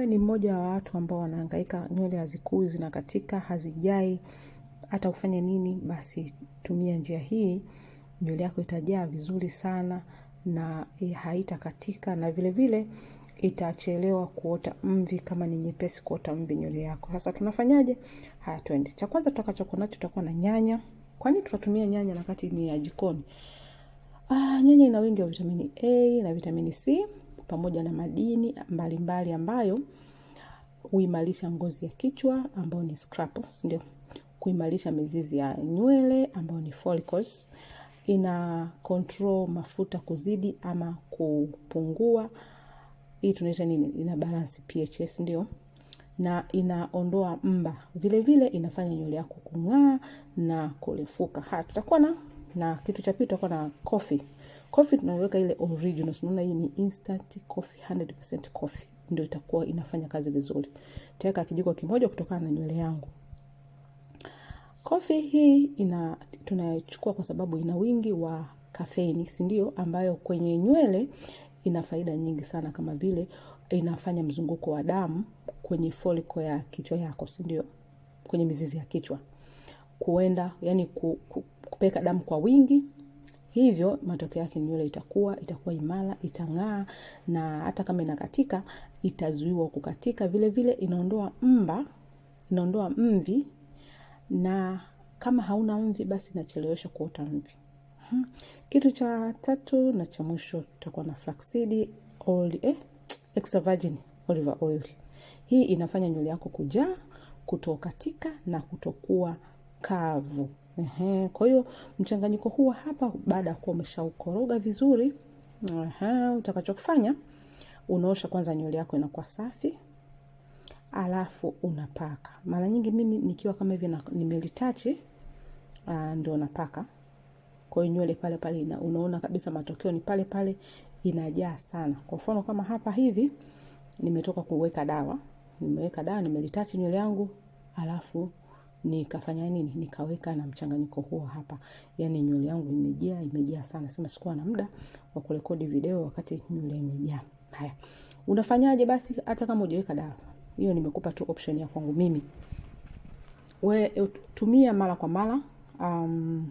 Wewe ni mmoja wa watu ambao wanahangaika, nywele hazikui, zinakatika, hazijai, hata ufanye nini, basi tumia njia hii. Nywele yako itajaa vizuri sana na haitakatika, na vilevile vile, itachelewa kuota mvi kama ni nyepesi kuota mvi nywele yako. Sasa tunafanyaje? Haya, twende. Cha kwanza tutakachokuwa nacho tutakuwa na nyanya. Kwani tutatumia nyanya wakati ni ya jikoni? Ah, nyanya ina wingi wa vitamini A na vitamini C pamoja na madini mbalimbali mbali ambayo huimarisha ngozi ya kichwa ambayo ni scrap, ndio kuimarisha mizizi ya nywele ambayo ni follicles. Ina control mafuta kuzidi ama kupungua, hii tunaita nini? Ina balance pHs, ndio na inaondoa mba vilevile, vile inafanya nywele yako kung'aa na kurefuka. Haya, tutakuwa na na kitu cha pili tutakuwa na coffee. Coffee tunaweka ile original, unaona hii ni instant coffee, 100% coffee ndio itakuwa inafanya kazi vizuri. Taweka kijiko kimoja kutokana na nywele yangu. Coffee hii ina tunaichukua kwa sababu ina wingi wa kafeini, si ndio? Ambayo kwenye nywele ina faida nyingi sana, kama vile inafanya mzunguko wa damu kwenye foliko ya kichwa yako, si ndio? Kwenye mizizi ya kichwa kuenda yani ku, ku, itapeleka damu kwa wingi, hivyo matokeo yake nywele itakuwa itakuwa imara, itang'aa, na hata kama inakatika itazuiwa kukatika. Vile vile inaondoa mba, inaondoa mvi, na kama hauna mvi basi inachelewesha kuota mvi. Hmm. Kitu cha tatu na cha mwisho tutakuwa na flaxseed oli, eh, extra virgin olive oil. Hii inafanya nywele yako kujaa, kutokatika na kutokuwa kavu. Ehe, kwa hiyo mchanganyiko huu hapa, baada ya kuwa umeshaukoroga vizuri, ehe, utakachokifanya unaosha kwanza nywele yako inakuwa safi, alafu unapaka. Mara nyingi mimi nikiwa kama hivi nimelitachi ah, ndio napaka. Kwa hiyo nywele pale pale ina, unaona kabisa matokeo ni pale pale inajaa sana. Kwa mfano kama hapa hivi nimetoka kuweka dawa, nimeweka dawa, nimelitachi nywele yangu alafu nikafanya nini, nikaweka na mchanganyiko huo hapa. Yani nywele yangu imejaa, imejaa sana, sema sikuwa na muda wa kurekodi video wakati nywele imejaa. Haya, unafanyaje basi? Hata kama hujaweka dawa, hiyo nimekupa tu option ya kwangu mimi. We, tumia mara kwa mara um,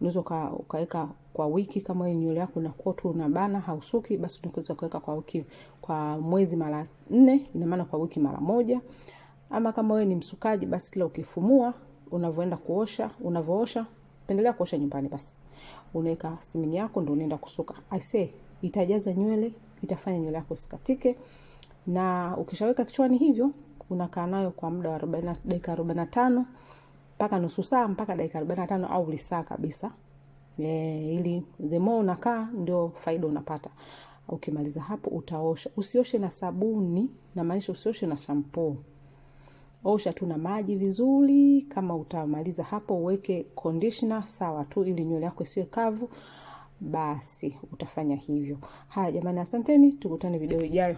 unaweza ukaweka kwa wiki kama hiyo nywele yako inakuwa tu unabana hausuki, basi unaweza kuweka kwa wiki, kwa mwezi mara nne, ina maana kwa wiki mara moja. Ama kama wewe ni msukaji, basi kila ukifumua, unavyoenda kuosha, unavyoosha, pendelea kuosha nyumbani basi. Unaweka stimini yako ndo unaenda kusuka. I say itajaza nywele, itafanya nywele yako sikatike Na ukishaweka kichwani hivyo, unakaa nayo kwa muda wa dakika tano mpaka nusu saa mpaka dakika tano au lisaa kabisa. E, ili zemo unakaa ndio faida unapata. Ukimaliza hapo utaosha. Usioshe na sabuni, namaanisha usioshe na shampoo osha tu na maji vizuri. Kama utamaliza hapo, uweke conditioner sawa tu, ili nywele yako isiwe kavu. Basi utafanya hivyo. Haya jamani, asanteni, tukutane video ijayo.